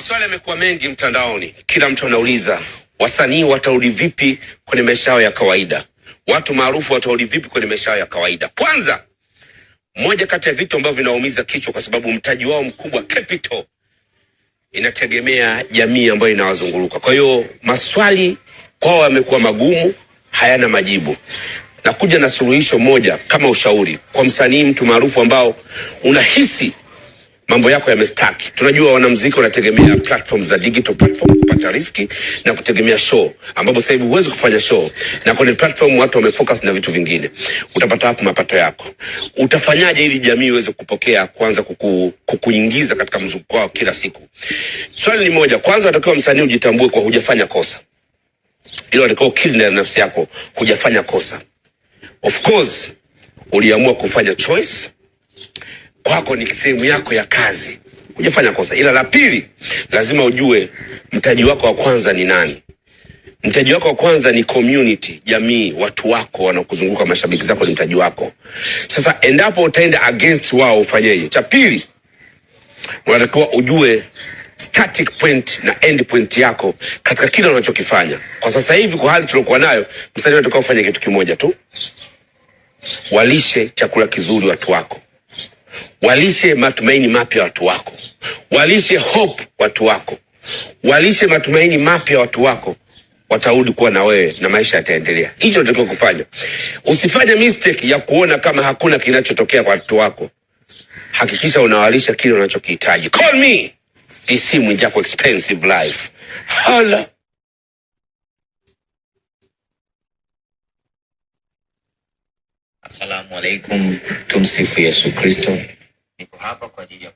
Maswali yamekuwa mengi mtandaoni, kila mtu anauliza wasanii watarudi vipi kwenye maisha yao ya kawaida, watu maarufu watarudi vipi kwenye maisha yao ya kawaida. Kwanza, moja kati ya vitu ambavyo vinaumiza kichwa, kwa sababu mtaji wao mkubwa capital inategemea jamii ambayo inawazunguruka. Kwa hiyo maswali kwao yamekuwa magumu, hayana majibu. Nakuja na suluhisho moja kama ushauri kwa msanii, mtu maarufu ambao unahisi mambo yako yamestaki. Tunajua wanamuziki wanategemea platform za digital platform kupata riski na kutegemea show, ambapo sasa hivi huwezi kufanya show na kwenye platform watu wamefocus na vitu vingine. Utapata hapo mapato yako. Utafanyaje ili jamii iweze kupokea, kwanza kuku, kukuingiza katika mzunguko wao kila siku? Swali ni moja. Kwanza unatakiwa msanii ujitambue kwa hujafanya kosa, ilo unatakiwa kili na nafsi yako, hujafanya kosa. Of course uliamua kufanya choice kwako ni sehemu yako ya kazi, hujafanya kosa. Ila la pili, lazima ujue mtaji wako wa kwanza ni nani. Mtaji wako wa kwanza ni community, jamii, watu wako wanaokuzunguka, mashabiki zako ni mtaji wako. Sasa endapo utaenda against wao ufanyeje? Cha pili, unatakiwa ujue static point na end point yako katika kile unachokifanya. Kwa sasa hivi, kwa hali tuliokuwa nayo, msanii anatakiwa kufanya kitu kimoja tu, walishe chakula kizuri watu wako. Walishe matumaini mapya watu wako, walishe hope watu wako, walishe matumaini mapya watu wako, watarudi kuwa na wewe na maisha yataendelea. Hicho ndio kufanya. Usifanye mistake ya kuona kama hakuna kinachotokea kwa watu wako. Hakikisha unawalisha kile unachokihitaji. Call me isimu yako expensive life. Hala. Assalamu alaikum, tumsifu Yesu Kristo niko hapa kwa ajili ya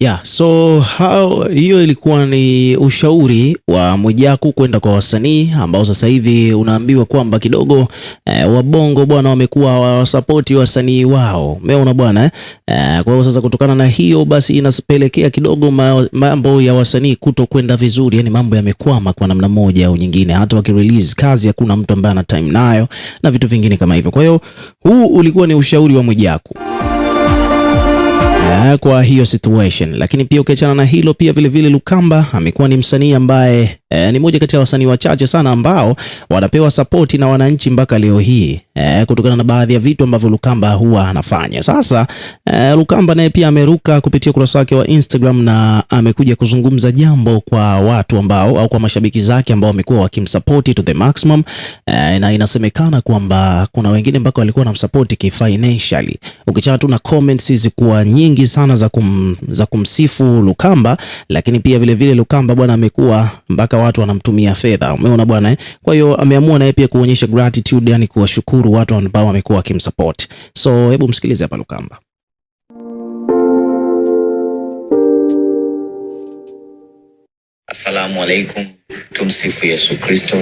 yeah. So hao, hiyo ilikuwa ni ushauri wa Mwijaku kwenda kwa wasanii ambao sasa hivi unaambiwa kwamba kidogo e, wabongo bwana wamekuwa hawasapoti wasanii wao, umeona bwana e, kwa hiyo sasa kutokana na hiyo basi inapelekea kidogo ma, mambo ya wasanii kuto kwenda vizuri, yani mambo yamekwama kwa namna moja au nyingine, hata wakirelease kazi hakuna mtu ambaye ana time nayo na vitu vingine kama hivyo. Kwa hiyo huu ulikuwa ni ushauri wa Mwijaku kwa hiyo situation. Lakini pia ukiachana na hilo, pia vilevile vile Lukamba amekuwa ni msanii ambaye e, ni moja kati ya wasanii wachache sana ambao wanapewa sapoti na wananchi mpaka leo hii e, kutokana na baadhi ya vitu ambavyo Lukamba huwa anafanya. Sasa e, Lukamba naye pia ameruka kupitia ukurasa wake wa Instagram na amekuja kuzungumza jambo kwa watu ambao au kwa mashabiki zake ambao wamekuwa wakimsupport to the maximum e, na inasemekana kwamba kuna wengine mpaka walikuwa wanamsapoti kifinancially. Ukichana tu na comments zikuwa nyingi sana za, kum, za kumsifu Lukamba, lakini pia vilevile vile Lukamba bwana amekuwa mpaka watu wanamtumia fedha, umeona bwana eh. Kwa hiyo ameamua naye pia kuonyesha gratitude, yani kuwashukuru watu ambao wamekuwa wakimsupport. So hebu msikilize hapa Lukamba. Asalamu alaikum, tumsifu Yesu Kristo.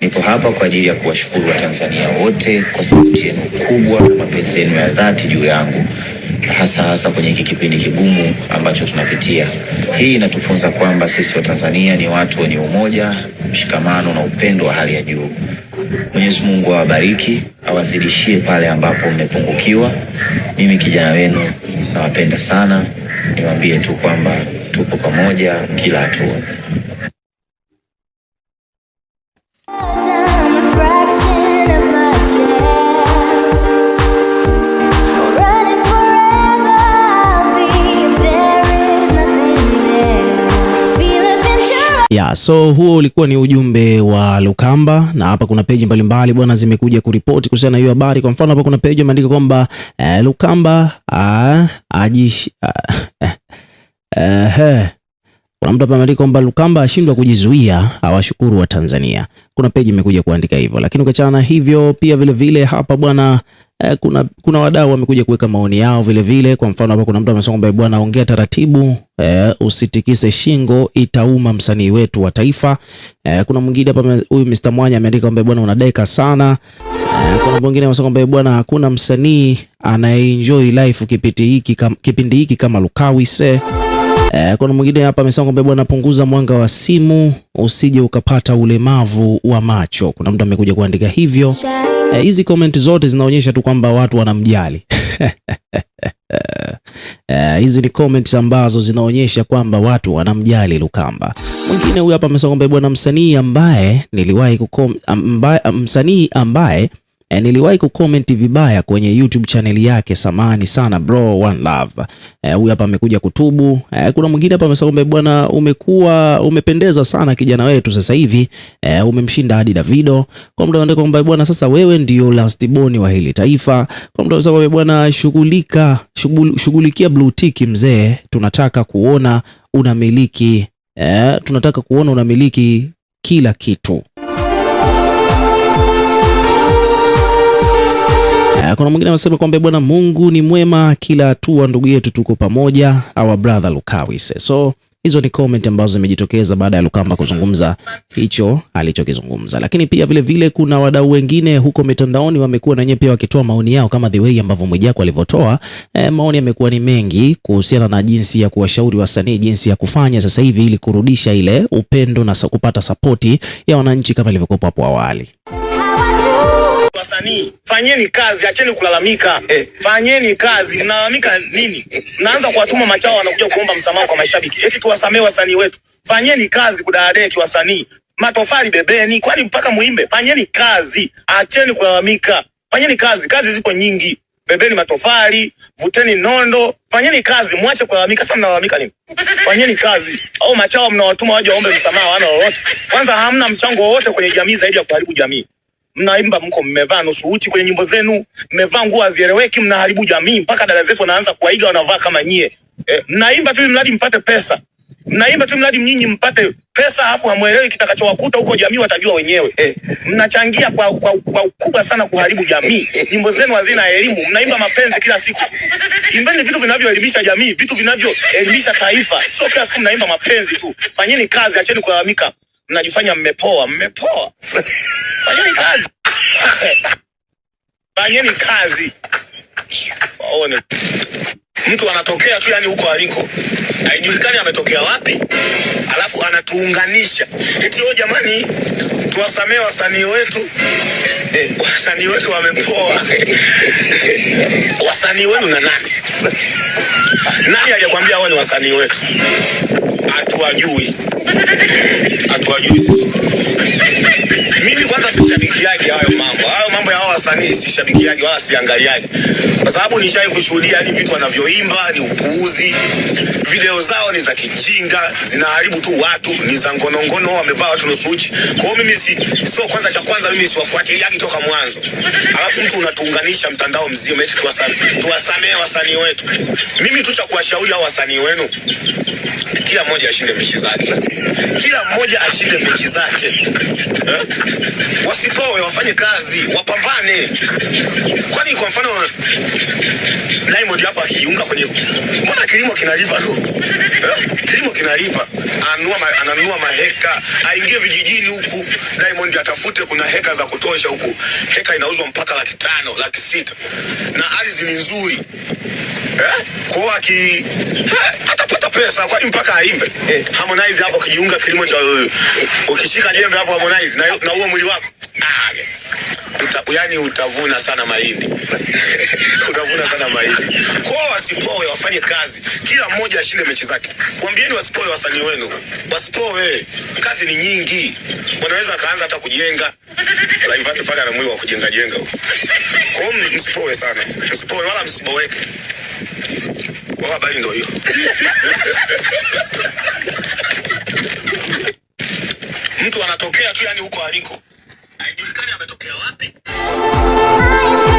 Nipo hapa kwa ajili ya kuwashukuru Watanzania wote kwa sauti yenu kubwa na mapenzi yenu ya dhati juu yangu hasa hasa kwenye hiki kipindi kigumu ambacho tunapitia. Hii inatufunza kwamba sisi Watanzania ni watu wenye umoja, mshikamano na upendo wa hali ya juu. Mwenyezi Mungu awabariki, awazidishie pale ambapo mmepungukiwa. Mimi kijana wenu nawapenda sana, niwaambie tu kwamba tupo pamoja kila hatua. Yeah, so huo ulikuwa ni ujumbe wa Lukamba, na hapa kuna peji mbalimbali bwana zimekuja kuripoti kuhusiana na hiyo habari. Kwa mfano hapa kuna peji imeandika kwamba eh, Lukamba ah, ajish ah, ah, eh, eh, kuna mtu hapa ameandika kwamba Lukamba ashindwa kujizuia, awashukuru wa Tanzania. Kuna peji imekuja kuandika hivyo, lakini ukiachana na hivyo pia vile vile hapa bwana eh, kuna, kuna wadau wamekuja kuweka maoni yao vile vile. Kwa mfano hapa kuna mtu amesema kwamba eh, bwana, ongea taratibu eh, usitikise shingo, itauma msanii wetu wa taifa. Eh, kuna mwingine hapa huyu Mr Mwanya ameandika kwamba eh, bwana, unadeka sana Eh, kuna mwingine amesema kwamba eh, bwana, hakuna msanii anayeenjoy life kipindi hiki kipindi hiki kama Lukawi se E, eh, kuna mwingine hapa amesema kwamba bwana, punguza mwanga wa simu usije ukapata ulemavu wa macho. Kuna mtu amekuja kuandika hivyo. Eh, hizi eh, comment zote zinaonyesha tu kwamba watu wanamjali eh, hizi uh, ni comments ambazo zinaonyesha kwamba watu wanamjali Lukamba. Mwingine huyu hapa amesema kwamba bwana, msanii ambaye niliwahi msanii ambaye E, niliwahi kucomment vibaya kwenye YouTube channel yake, samani sana bro, one love. Eh, huyu hapa amekuja kutubu. E, kuna mwingine hapa amesema kwamba bwana, umekuwa umependeza sana kijana wetu sasa hivi e, umemshinda hadi Davido. Kwa mtu anaandika kwamba bwana, sasa wewe ndio last born wa hili taifa. Kwa mtu anasema kwamba bwana, shughulika shughulikia blue tick mzee, tunataka kuona unamiliki e, tunataka kuona unamiliki kila kitu. Kuna mwingine anasema kwamba bwana Mungu ni mwema kila hatua, ndugu yetu, tuko pamoja, our brother Lukawise. So hizo ni comment ambazo zimejitokeza baada ya Lukamba kuzungumza hicho alichokizungumza, lakini pia vile vile kuna wadau wengine huko mitandaoni wamekuwa na nyewe pia wakitoa maoni yao kama the way ambavyo Mwijaku alivyotoa eh. Maoni yamekuwa ni mengi kuhusiana na jinsi ya kuwashauri wasanii jinsi ya kufanya sasa hivi ili kurudisha ile upendo na kupata sapoti ya wananchi kama ilivyokuwa hapo awali wasanii, fanyeni kazi, acheni kulalamika, eh. fanyeni kazi. Mnalalamika nini? Mnaanza kuwatuma machao wanakuja kuomba msamaha kwa mashabiki, eti tuwasamee wasanii wetu. Fanyeni kazi kudadeki wasanii, matofali bebeni, kwani mpaka muimbe? Fanyeni kazi, acheni kulalamika, fanyeni kazi. Kazi zipo nyingi, bebeni matofali, vuteni nondo, fanyeni kazi, mwache kulalamika. Sasa mnalalamika nini? Fanyeni kazi. Au machao mnawatuma waje waombe msamaha, wana lolote? Kwanza hamna mchango wowote kwenye jamii zaidi ya kuharibu jamii mnaimba mko mmevaa nusu uchi kwenye nyimbo zenu, mmevaa nguo hazieleweki, mnaharibu jamii. Mpaka dada zetu wanaanza kuwaiga, wanavaa kama nyie. E, mnaimba tu mradi mpate pesa, mnaimba tu mradi mnyinyi mpate pesa, afu hamwelewi kitakachowakuta huko, jamii watajua wenyewe. E, mnachangia kwa, kwa, kwa ukubwa sana kuharibu jamii. Nyimbo zenu hazina elimu, mnaimba mapenzi kila siku. Imbeni vitu vinavyoelimisha jamii, vitu vinavyoelimisha taifa, sio kila siku mnaimba mapenzi tu. Fanyeni kazi, acheni kulalamika mnajifanya mmepoa. Mmepoa, fanyeni kazi, fanyeni kazi. Waone mtu anatokea tu, yani huko aliko haijulikani ametokea wapi, alafu anatuunganisha eti o, oh, jamani, tuwasamee wasanii wetu, wasanii wetu wamepoa. wasanii wenu na nani? Nani aliyekwambia wao ni wasanii wetu? Hatuwajui atuwajui sisi. Mimi kwanza sishabikiagi hayo mambo. Hayo mambo ya hao wasanii sishabikiagi wala siangaliagi, kwa sababu nishai kushuhudia hivi vitu wanavyoimba ni upuuzi, video zao ni za kijinga, zinaharibu tu watu, ni za ngonongono, wamevaa watu nusu uchi. Kwa hiyo mimi si sio kwanza, cha kwanza mimi siwafuatiliagi toka mwanzo, alafu mtu unatuunganisha mtandao mzima eti tuwasamee wasanii wetu. Mimi tu cha kuwashauri hao wasanii wenu kila mmoja ashinde mechi zake, kila mmoja ashinde mechi zake eh? wasipoe wafanye kazi, wapambane. Kwani kwa mfano Diamond hapa akijiunga kwenye, mbona kilimo kinalipa tu eh? Kilimo kinalipa, anua ma, ananua maheka, aingie vijijini huku, Diamond atafute, kuna heka za kutosha huku. Heka inauzwa mpaka laki tano, laki sita, na ardhi ni nzuri eh? Kwa aki eh, atapata pesa, kwani mpaka aimbe eh? Harmonize hapo kijiunga kilimo cha ukishika jembe hapo Harmonize na, na huo mwili wako Uta, yani utavuna sana mahindi utavuna sana mahindi kwao. Wasipoe wafanye kazi, kila mmoja ashinde mechi zake. Mwambieni wasipoe wasanii wenu, wasipoe. Kazi ni nyingi, wanaweza kaanza hata kujenga live laivati pale, ana mwili wa kujenga jenga huko. Kwao msipoe sana, msipoe wala msiboeke. Habari ndio hiyo. mtu anatokea tu, yani huko aliko haijulikani ametokea wapi.